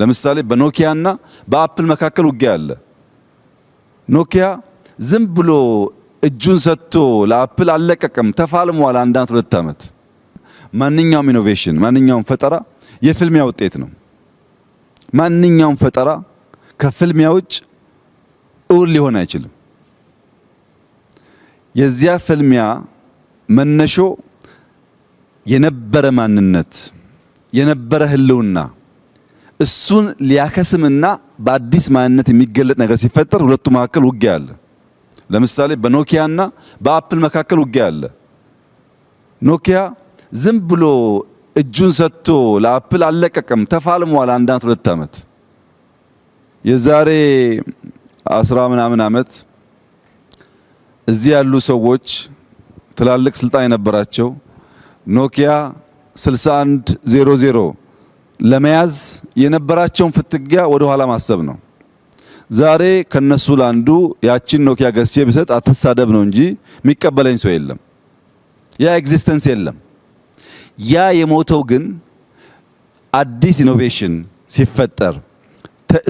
ለምሳሌ በኖኪያ እና በአፕል መካከል ውጊያ አለ። ኖኪያ ዝም ብሎ እጁን ሰጥቶ ለአፕል አልለቀቀም፣ ተፋልሟል። አንዳንድ ሁለት ዓመት። ማንኛውም ኢኖቬሽን፣ ማንኛውም ፈጠራ የፍልሚያ ውጤት ነው። ማንኛውም ፈጠራ ከፍልሚያ ውጭ እውን ሊሆን አይችልም። የዚያ ፍልሚያ መነሾ የነበረ ማንነት የነበረ ህልውና እሱን ሊያከስምና በአዲስ ማንነት የሚገለጥ ነገር ሲፈጠር ሁለቱ መካከል ውጊያ አለ። ለምሳሌ በኖኪያና በአፕል መካከል ውጊያ አለ። ኖኪያ ዝም ብሎ እጁን ሰጥቶ ለአፕል አለቀቅም ተፋልሟል። አንድ አመት ሁለት አመት የዛሬ አስራ ምናምን አመት እዚህ ያሉ ሰዎች ትላልቅ ስልጣን የነበራቸው ኖኪያ 6100 ለመያዝ የነበራቸውን ፍትጊያ ወደ ኋላ ማሰብ ነው። ዛሬ ከነሱ ለአንዱ ያችን ኖኪያ ገዝቼ ብሰጥ አትሳደብ ነው እንጂ የሚቀበለኝ ሰው የለም። ያ ኤግዚስተንስ የለም። ያ የሞተው ግን አዲስ ኢኖቬሽን ሲፈጠር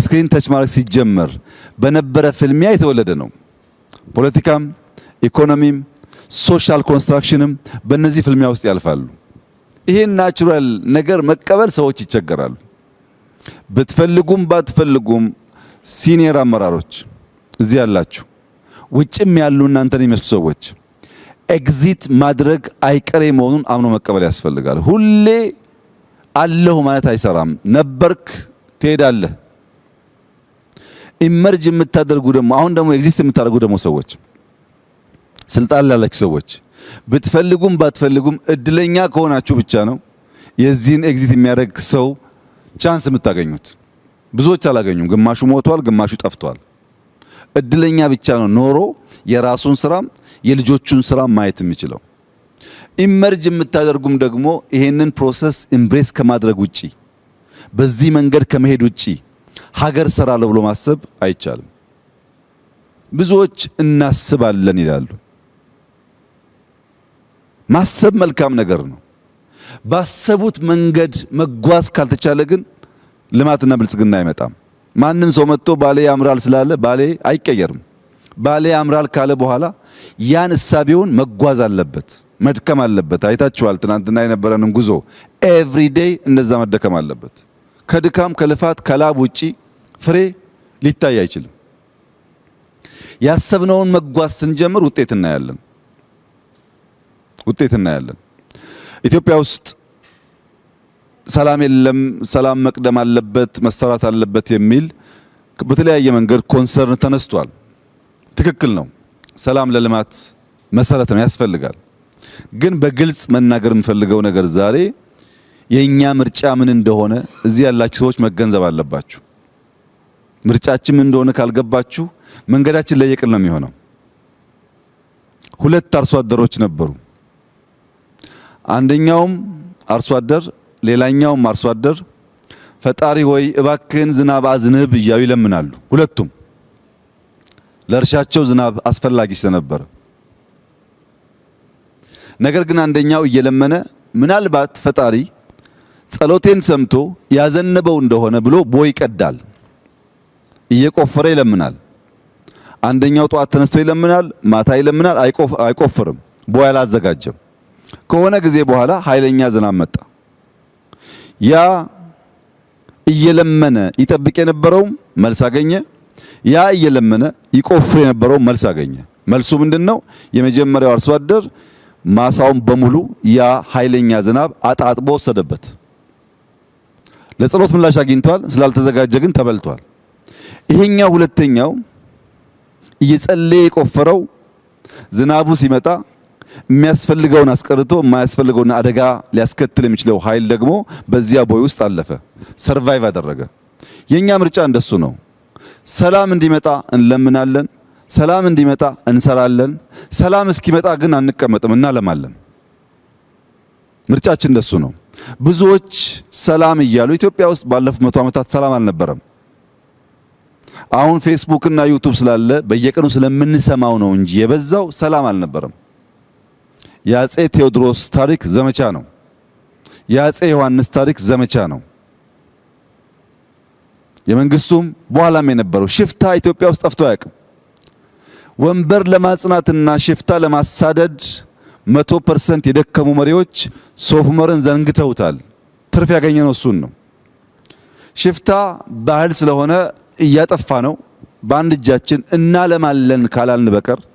ስክሪን ተች ማድረግ ሲጀመር በነበረ ፍልሚያ የተወለደ ነው። ፖለቲካም ኢኮኖሚም ሶሻል ኮንስትራክሽንም በእነዚህ ፍልሚያ ውስጥ ያልፋሉ። ይሄን ናቹራል ነገር መቀበል ሰዎች ይቸገራሉ። ብትፈልጉም ባትፈልጉም ሲኒየር አመራሮች እዚህ ያላችሁ፣ ውጭም ያሉ እናንተን የሚመስሉ ሰዎች ኤግዚት ማድረግ አይቀሬ መሆኑን አምኖ መቀበል ያስፈልጋል። ሁሌ አለሁ ማለት አይሰራም። ነበርክ፣ ትሄዳለህ። ኢመርጅ የምታደርጉ ደግሞ አሁን ደግሞ ኤግዚስት የምታደርጉ ደግሞ ሰዎች ስልጣን ላላችሁ ሰዎች ብትፈልጉም ባትፈልጉም እድለኛ ከሆናችሁ ብቻ ነው የዚህን ኤግዚት የሚያደርግ ሰው ቻንስ የምታገኙት። ብዙዎች አላገኙም። ግማሹ ሞቷል፣ ግማሹ ጠፍቷል። እድለኛ ብቻ ነው ኖሮ የራሱን ስራም የልጆቹን ስራ ማየት የሚችለው። ኢመርጅ የምታደርጉም ደግሞ ይሄንን ፕሮሰስ ኢምብሬስ ከማድረግ ውጪ በዚህ መንገድ ከመሄድ ውጪ ሀገር ሰራለሁ ብሎ ማሰብ አይቻልም። ብዙዎች እናስባለን ይላሉ። ማሰብ መልካም ነገር ነው። ባሰቡት መንገድ መጓዝ ካልተቻለ ግን ልማትና ብልጽግና አይመጣም። ማንም ሰው መጥቶ ባሌ ያምራል ስላለ ባሌ አይቀየርም። ባሌ ያምራል ካለ በኋላ ያን እሳቤውን መጓዝ አለበት፣ መድከም አለበት። አይታችኋል ትናንትና የነበረንን ጉዞ። ኤቭሪ ዴይ እንደዛ መደከም አለበት። ከድካም ከልፋት ከላብ ውጪ ፍሬ ሊታይ አይችልም። ያሰብነውን መጓዝ ስንጀምር ውጤት እናያለን። ውጤት እናያለን። ኢትዮጵያ ውስጥ ሰላም የለም፣ ሰላም መቅደም አለበት፣ መሰራት አለበት የሚል በተለያየ መንገድ ኮንሰርን ተነስቷል። ትክክል ነው። ሰላም ለልማት መሰረት ነው፣ ያስፈልጋል። ግን በግልጽ መናገር የምፈልገው ነገር ዛሬ የእኛ ምርጫ ምን እንደሆነ እዚህ ያላችሁ ሰዎች መገንዘብ አለባችሁ። ምርጫችን ምን እንደሆነ ካልገባችሁ መንገዳችን ለየቅል ነው የሚሆነው። ሁለት አርሶ አደሮች ነበሩ። አንደኛውም አርሶ አደር ሌላኛውም አርሶ አደር ፈጣሪ ወይ እባክህን ዝናብ አዝንብ እያሉ ይለምናሉ። ሁለቱም ለእርሻቸው ዝናብ አስፈላጊ ስለነበረ፣ ነገር ግን አንደኛው እየለመነ ምናልባት ፈጣሪ ጸሎቴን ሰምቶ ያዘነበው እንደሆነ ብሎ ቦይ ይቀዳል፣ እየቆፈረ ይለምናል። አንደኛው ጠዋት ተነስቶ ይለምናል፣ ማታ ይለምናል፣ አይቆፍርም፣ ቦይ አላዘጋጀም። ከሆነ ጊዜ በኋላ ኃይለኛ ዝናብ መጣ። ያ እየለመነ ይጠብቅ የነበረው መልስ አገኘ። ያ እየለመነ ይቆፍር የነበረው መልስ አገኘ። መልሱ ምንድን ነው? የመጀመሪያው አርሶ አደር ማሳውን በሙሉ ያ ኃይለኛ ዝናብ አጣጥቦ ወሰደበት። ለጸሎት ምላሽ አግኝቷል። ስላልተዘጋጀ ግን ተበልቷል። ይሄኛው ሁለተኛው እየጸለየ የቆፈረው ዝናቡ ሲመጣ የሚያስፈልገውን አስቀርቶ የማያስፈልገውን አደጋ ሊያስከትል የሚችለው ኃይል ደግሞ በዚያ ቦይ ውስጥ አለፈ፣ ሰርቫይቭ አደረገ። የኛ ምርጫ እንደሱ ነው። ሰላም እንዲመጣ እንለምናለን። ሰላም እንዲመጣ እንሰራለን። ሰላም እስኪመጣ ግን አንቀመጥም፣ እናለማለን። ምርጫችን እንደሱ ነው። ብዙዎች ሰላም እያሉ ኢትዮጵያ ውስጥ ባለፉት መቶ ዓመታት ሰላም አልነበረም። አሁን ፌስቡክ እና ዩቱብ ስላለ በየቀኑ ስለምንሰማው ነው እንጂ የበዛው ሰላም አልነበረም። የአጼ ቴዎድሮስ ታሪክ ዘመቻ ነው። የአጼ ዮሐንስ ታሪክ ዘመቻ ነው። የመንግስቱም በኋላም የነበረው ሽፍታ ኢትዮጵያ ውስጥ ጠፍቶ አያውቅም። ወንበር ለማጽናትና ሽፍታ ለማሳደድ መቶ ፐርሰንት የደከሙ መሪዎች ሶፍ ዑመርን ዘንግተውታል። ትርፍ ያገኘ ነው እሱን ነው። ሽፍታ ባህል ስለሆነ እያጠፋ ነው። በአንድ እጃችን እናለማለን ካላልን በቀር